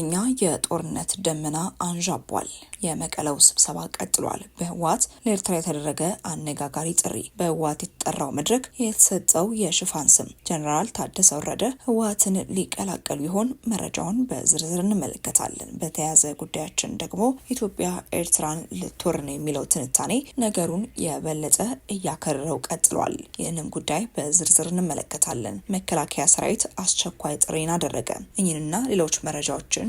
ከፍተኛ የጦርነት ደመና አንዣቧል። የመቀለው ስብሰባ ቀጥሏል። በህወሓት ለኤርትራ የተደረገ አነጋጋሪ ጥሪ። በህወሓት የተጠራው መድረክ የተሰጠው የሽፋን ስም ጀኔራል ታደሰ ወረደ ህወሓትን ሊቀላቀሉ ይሆን? መረጃውን በዝርዝር እንመለከታለን። በተያያዘ ጉዳያችን ደግሞ ኢትዮጵያ ኤርትራን ልትወር ነው የሚለው ትንታኔ ነገሩን የበለጠ እያከረረው ቀጥሏል። ይህንም ጉዳይ በዝርዝር እንመለከታለን። መከላከያ ሰራዊት አስቸኳይ ጥሪን አደረገ። እኝንና ሌሎች መረጃዎችን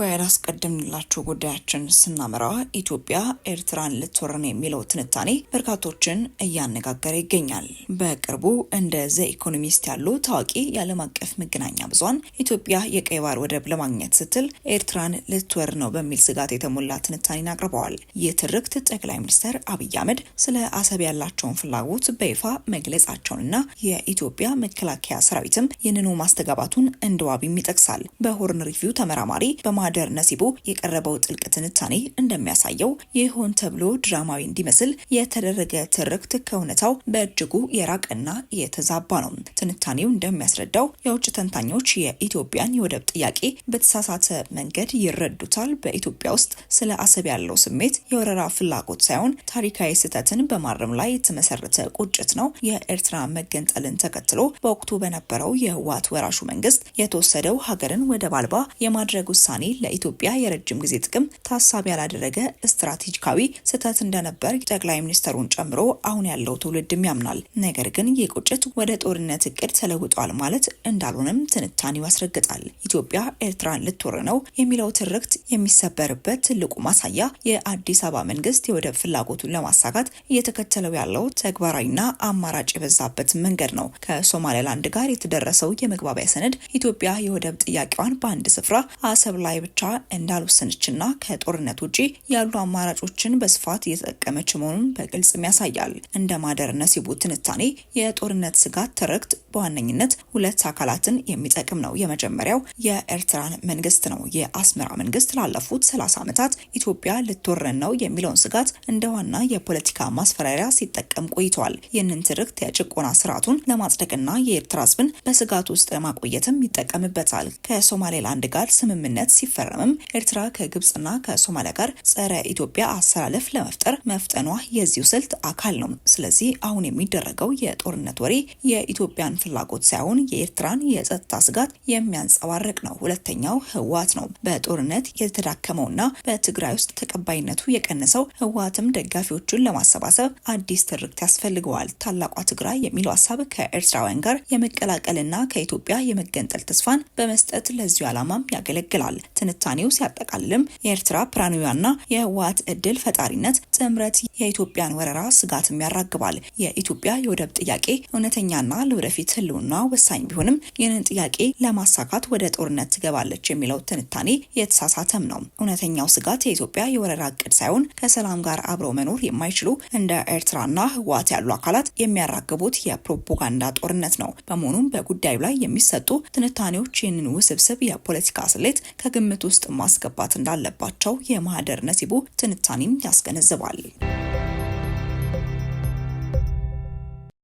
ወደ አስቀድምንላቸው ጉዳያችን ስናመራ ኢትዮጵያ ኤርትራን ልትወረን የሚለው ትንታኔ በርካቶችን እያነጋገረ ይገኛል። በቅርቡ እንደ ዘ ኢኮኖሚስት ያሉ ታዋቂ የዓለም አቀፍ መገናኛ ብዙኃን ኢትዮጵያ የቀይ ባህር ወደብ ለማግኘት ስትል ኤርትራን ልትወር ነው በሚል ስጋት የተሞላ ትንታኔን አቅርበዋል። ይህ ትርክት ጠቅላይ ሚኒስትር አብይ አህመድ ስለ አሰብ ያላቸውን ፍላጎት በይፋ መግለጻቸውንና የኢትዮጵያ መከላከያ ሰራዊትም ይህንኑ ማስተጋባቱን እንደ ይጠቅሳል። በሆርን ሪቪው ተመራማሪ በማ ማህደር ነሲቡ የቀረበው ጥልቅ ትንታኔ እንደሚያሳየው ይሆን ተብሎ ድራማዊ እንዲመስል የተደረገ ትርክት ከእውነታው በእጅጉ የራቀና የተዛባ ነው። ትንታኔው እንደሚያስረዳው የውጭ ተንታኞች የኢትዮጵያን የወደብ ጥያቄ በተሳሳተ መንገድ ይረዱታል። በኢትዮጵያ ውስጥ ስለ አሰብ ያለው ስሜት የወረራ ፍላጎት ሳይሆን ታሪካዊ ስህተትን በማረም ላይ የተመሰረተ ቁጭት ነው። የኤርትራ መገንጠልን ተከትሎ በወቅቱ በነበረው የህወሓት ወራሹ መንግስት የተወሰደው ሀገርን ወደብ አልባ የማድረግ ውሳኔ ለኢትዮጵያ የረጅም ጊዜ ጥቅም ታሳቢ ያላደረገ ስትራቴጂካዊ ስህተት እንደነበር ጠቅላይ ሚኒስተሩን ጨምሮ አሁን ያለው ትውልድም ያምናል። ነገር ግን የቁጭት ወደ ጦርነት እቅድ ተለውጧል ማለት እንዳልሆነም ትንታኔው ያስረግጣል። ኢትዮጵያ ኤርትራን ልትወር ነው የሚለው ትርክት የሚሰበርበት ትልቁ ማሳያ የአዲስ አበባ መንግስት የወደብ ፍላጎቱን ለማሳካት እየተከተለው ያለው ተግባራዊና አማራጭ የበዛበት መንገድ ነው። ከሶማሌላንድ ጋር የተደረሰው የመግባቢያ ሰነድ ኢትዮጵያ የወደብ ጥያቄዋን በአንድ ስፍራ አሰብ ላይ ብቻ እንዳልወሰነችና ከጦርነት ውጪ ያሉ አማራጮችን በስፋት እየተጠቀመች መሆኑን በግልጽም ያሳያል። እንደ ማደርነ ሲቡ ትንታኔ የጦርነት ስጋት ትርክት በዋነኝነት ሁለት አካላትን የሚጠቅም ነው። የመጀመሪያው የኤርትራን መንግስት ነው። የአስመራ መንግስት ላለፉት 30 ዓመታት ኢትዮጵያ ልትወረን ነው የሚለውን ስጋት እንደ ዋና የፖለቲካ ማስፈራሪያ ሲጠቀም ቆይተዋል። ይህንን ትርክት የጭቆና ስርዓቱን ለማጽደቅና የኤርትራ ህዝብን በስጋት ውስጥ ለማቆየትም ይጠቀምበታል። ከሶማሌላንድ ጋር ስምምነት ሲፈ ቢፈረምም ኤርትራ ከግብፅና ከሶማሊያ ጋር ጸረ ኢትዮጵያ አሰላለፍ ለመፍጠር መፍጠኗ የዚሁ ስልት አካል ነው። ስለዚህ አሁን የሚደረገው የጦርነት ወሬ የኢትዮጵያን ፍላጎት ሳይሆን የኤርትራን የጸጥታ ስጋት የሚያንጸባርቅ ነው። ሁለተኛው ህወሓት ነው። በጦርነት የተዳከመውና በትግራይ ውስጥ ተቀባይነቱ የቀነሰው ህወሓትም ደጋፊዎቹን ለማሰባሰብ አዲስ ትርክት ያስፈልገዋል። ታላቋ ትግራይ የሚለው ሀሳብ ከኤርትራውያን ጋር የመቀላቀልና ከኢትዮጵያ የመገንጠል ተስፋን በመስጠት ለዚሁ ዓላማም ያገለግላል። ትንታኔው ሲያጠቃልልም የኤርትራ ፕራንያና የህወሀት እድል ፈጣሪነት ጥምረት የኢትዮጵያን ወረራ ስጋትም ያራግባል። የኢትዮጵያ የወደብ ጥያቄ እውነተኛና ለወደፊት ህልውና ወሳኝ ቢሆንም ይህንን ጥያቄ ለማሳካት ወደ ጦርነት ትገባለች የሚለው ትንታኔ የተሳሳተም ነው። እውነተኛው ስጋት የኢትዮጵያ የወረራ እቅድ ሳይሆን ከሰላም ጋር አብሮ መኖር የማይችሉ እንደ ኤርትራና ህወሀት ያሉ አካላት የሚያራግቡት የፕሮፓጋንዳ ጦርነት ነው። በመሆኑም በጉዳዩ ላይ የሚሰጡ ትንታኔዎች ይህንን ውስብስብ የፖለቲካ ስሌት ከግምት ግምት ውስጥ ማስገባት እንዳለባቸው የማህደር ነሲቡ ትንታኔም ያስገነዝባል።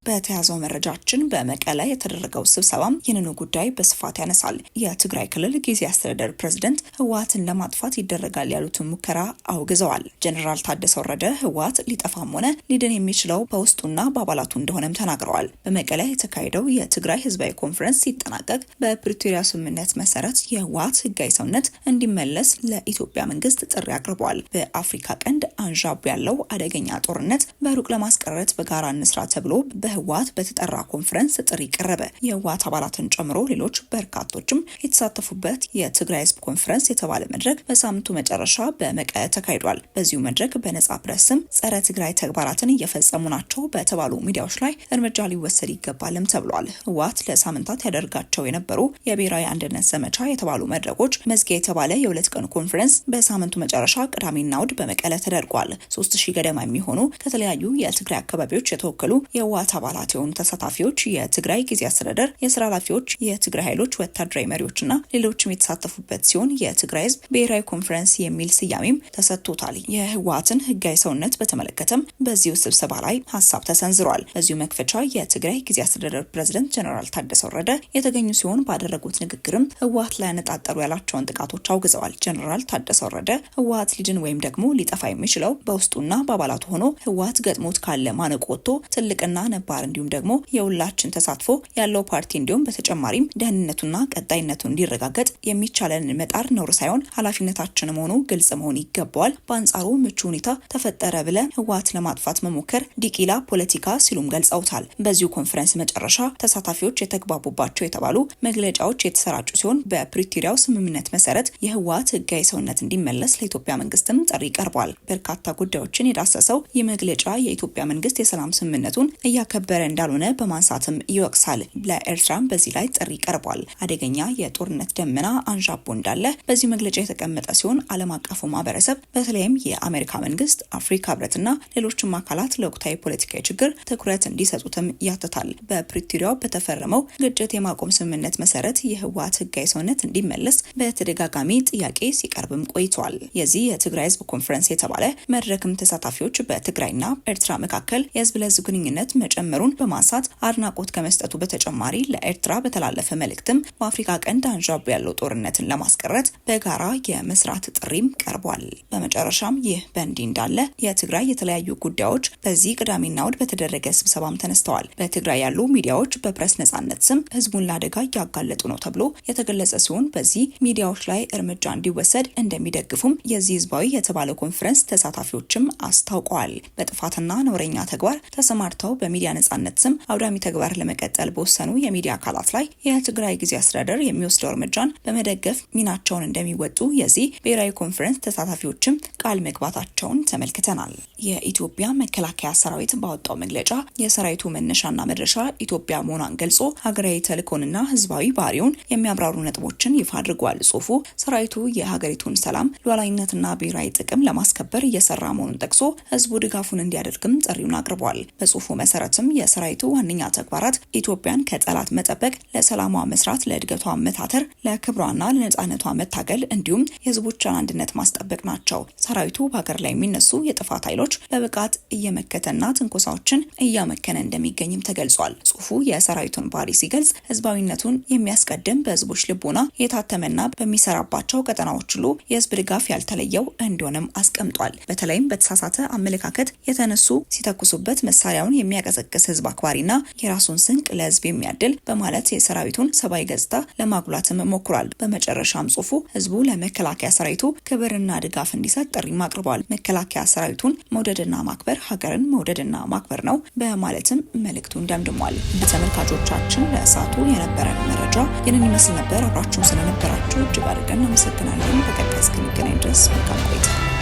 በተያዘው መረጃችን በመቀለ የተደረገው ስብሰባም ይህንኑ ጉዳይ በስፋት ያነሳል። የትግራይ ክልል ጊዜ አስተዳደር ፕሬዝደንት ህወሓትን ለማጥፋት ይደረጋል ያሉትን ሙከራ አውግዘዋል። ጀኔራል ታደሰ ወረደ ህወሓት ሊጠፋም ሆነ ሊድን የሚችለው በውስጡና በአባላቱ እንደሆነም ተናግረዋል። በመቀለ የተካሄደው የትግራይ ህዝባዊ ኮንፈረንስ ሲጠናቀቅ በፕሪቶሪያ ስምምነት መሰረት የህወሓት ህጋዊ ሰውነት እንዲመለስ ለኢትዮጵያ መንግስት ጥሪ አቅርበዋል። በአፍሪካ ቀንድ አንዣቡ ያለው አደገኛ ጦርነት በሩቅ ለማስቀረት በጋራ እንስራ ተብሎ በህ በህወሓት በተጠራ ኮንፈረንስ ጥሪ ቀረበ። የህወሓት አባላትን ጨምሮ ሌሎች በርካቶችም የተሳተፉበት የትግራይ ህዝብ ኮንፈረንስ የተባለ መድረክ በሳምንቱ መጨረሻ በመቀለ ተካሂዷል። በዚሁ መድረክ በነጻ ፕረስም ጸረ ትግራይ ተግባራትን እየፈጸሙ ናቸው በተባሉ ሚዲያዎች ላይ እርምጃ ሊወሰድ ይገባልም ተብሏል። ህወሓት ለሳምንታት ያደርጋቸው የነበሩ የብሔራዊ አንድነት ዘመቻ የተባሉ መድረኮች መዝጊያ የተባለ የሁለት ቀን ኮንፈረንስ በሳምንቱ መጨረሻ ቅዳሜና እሁድ በመቀለ ተደርጓል። ሶስት ሺህ ገደማ የሚሆኑ ከተለያዩ የትግራይ አካባቢዎች የተወከሉ የህወሀት አባ አባላት የሆኑ ተሳታፊዎች፣ የትግራይ ጊዜ አስተዳደር የስራ ኃላፊዎች፣ የትግራይ ኃይሎች ወታደራዊ መሪዎችና ሌሎችም የተሳተፉበት ሲሆን የትግራይ ህዝብ ብሔራዊ ኮንፈረንስ የሚል ስያሜም ተሰጥቶታል። የህወሀትን ህጋዊ ሰውነት በተመለከተም በዚሁ ስብሰባ ላይ ሀሳብ ተሰንዝሯል። በዚሁ መክፈቻ የትግራይ ጊዜ አስተዳደር ፕሬዝደንት ጀኔራል ታደሰ ወረደ የተገኙ ሲሆን ባደረጉት ንግግርም ህወሀት ላይ ያነጣጠሩ ያላቸውን ጥቃቶች አውግዘዋል። ጀኔራል ታደሰ ወረደ ህወሀት ሊድን ወይም ደግሞ ሊጠፋ የሚችለው በውስጡና በአባላቱ ሆኖ ህወሀት ገጥሞት ካለ ማነቆ ወጥቶ ትልቅና ነባር ተግባር እንዲሁም ደግሞ የሁላችን ተሳትፎ ያለው ፓርቲ እንዲሁም በተጨማሪም ደህንነቱና ቀጣይነቱ እንዲረጋገጥ የሚቻለንን መጣር ነውር ሳይሆን ኃላፊነታችንም መሆኑ ግልጽ መሆን ይገባዋል። በአንጻሩ ምቹ ሁኔታ ተፈጠረ ብለ ህወሓት ለማጥፋት መሞከር ዲቂላ ፖለቲካ ሲሉም ገልጸውታል። በዚሁ ኮንፈረንስ መጨረሻ ተሳታፊዎች የተግባቡባቸው የተባሉ መግለጫዎች የተሰራጩ ሲሆን በፕሪቶሪያው ስምምነት መሰረት የህወሓት ህጋዊ ሰውነት እንዲመለስ ለኢትዮጵያ መንግስትም ጥሪ ቀርቧል። በርካታ ጉዳዮችን የዳሰሰው የመግለጫ መግለጫ የኢትዮጵያ መንግስት የሰላም ስምምነቱን እያከብ የተከበረ እንዳልሆነ በማንሳትም ይወቅሳል። ለኤርትራም በዚህ ላይ ጥሪ ቀርቧል። አደገኛ የጦርነት ደመና አንዣቦ እንዳለ በዚህ መግለጫ የተቀመጠ ሲሆን ዓለም አቀፉ ማህበረሰብ በተለይም የአሜሪካ መንግስት፣ አፍሪካ ህብረትና ሌሎችም አካላት ለወቅታዊ ፖለቲካዊ ችግር ትኩረት እንዲሰጡትም ያትታል። በፕሪቶሪያው በተፈረመው ግጭት የማቆም ስምምነት መሰረት የህወሓት ህጋዊ ሰውነት እንዲመለስ በተደጋጋሚ ጥያቄ ሲቀርብም ቆይቷል። የዚህ የትግራይ ህዝብ ኮንፈረንስ የተባለ መድረክም ተሳታፊዎች በትግራይና ኤርትራ መካከል የህዝብ ለህዝብ ግንኙነት መጨመ መጨመሩን በማንሳት አድናቆት ከመስጠቱ በተጨማሪ ለኤርትራ በተላለፈ መልእክትም በአፍሪካ ቀንድ አንዣቦ ያለው ጦርነትን ለማስቀረት በጋራ የመስራት ጥሪም ቀርቧል። በመጨረሻም ይህ በእንዲህ እንዳለ የትግራይ የተለያዩ ጉዳዮች በዚህ ቅዳሜና እሁድ በተደረገ ስብሰባም ተነስተዋል። በትግራይ ያሉ ሚዲያዎች በፕሬስ ነጻነት ስም ህዝቡን ለአደጋ እያጋለጡ ነው ተብሎ የተገለጸ ሲሆን በዚህ ሚዲያዎች ላይ እርምጃ እንዲወሰድ እንደሚደግፉም የዚህ ህዝባዊ የተባለ ኮንፈረንስ ተሳታፊዎችም አስታውቀዋል። በጥፋትና ነውረኛ ተግባር ተሰማርተው በሚዲያ ነጻነት ስም አውዳሚ ተግባር ለመቀጠል በወሰኑ የሚዲያ አካላት ላይ የትግራይ ጊዜ አስተዳደር የሚወስደው እርምጃን በመደገፍ ሚናቸውን እንደሚወጡ የዚህ ብሔራዊ ኮንፈረንስ ተሳታፊዎችም ቃል መግባታቸውን ተመልክተናል። የኢትዮጵያ መከላከያ ሰራዊት ባወጣው መግለጫ የሰራዊቱ መነሻና መድረሻ ኢትዮጵያ መሆኗን ገልጾ ሀገራዊ ተልእኮንና ህዝባዊ ባህሪውን የሚያብራሩ ነጥቦችን ይፋ አድርጓል። ጽሁፉ ሰራዊቱ የሀገሪቱን ሰላም ሉዓላዊነትና ብሔራዊ ጥቅም ለማስከበር እየሰራ መሆኑን ጠቅሶ ህዝቡ ድጋፉን እንዲያደርግም ጥሪውን አቅርቧል። በጽሁፉ መሰረትም በመጥቀስም የሰራዊቱ ዋነኛ ተግባራት ኢትዮጵያን ከጠላት መጠበቅ፣ ለሰላሟ መስራት፣ ለእድገቷ መታተር፣ ለክብሯና ለነጻነቷ መታገል እንዲሁም የህዝቦቿን አንድነት ማስጠበቅ ናቸው። ሰራዊቱ በሀገር ላይ የሚነሱ የጥፋት ኃይሎች በብቃት እየመከተና ትንኮሳዎችን እያመከነ እንደሚገኝም ተገልጿል። ጽሁፉ የሰራዊቱን ባህሪ ሲገልጽ ህዝባዊነቱን የሚያስቀድም በህዝቦች ልቦና የታተመና በሚሰራባቸው ቀጠናዎች ሁሉ የህዝብ ድጋፍ ያልተለየው እንዲሆንም አስቀምጧል። በተለይም በተሳሳተ አመለካከት የተነሱ ሲተኩሱበት መሳሪያውን የሚያቀዘቅዝ የሚንቀሳቀስ ህዝብ አክባሪና የራሱን ስንቅ ለህዝብ የሚያድል በማለት የሰራዊቱን ሰብአዊ ገጽታ ለማጉላትም ሞክሯል። በመጨረሻም ጽሁፉ ህዝቡ ለመከላከያ ሰራዊቱ ክብርና ድጋፍ እንዲሰጥ ጥሪም አቅርቧል። መከላከያ ሰራዊቱን መውደድና ማክበር ሀገርን መውደድና ማክበር ነው በማለትም መልእክቱን ደምድሟል። በተመልካቾቻችን ለእሳቱ የነበረን መረጃ ይህንን ይመስል ነበር። አብራችሁን ስለነበራችሁ እጅግ አድርገን እናመሰግናለን። በቀጣይ እስክንገናኝ ድረስ መልካም ቆይታ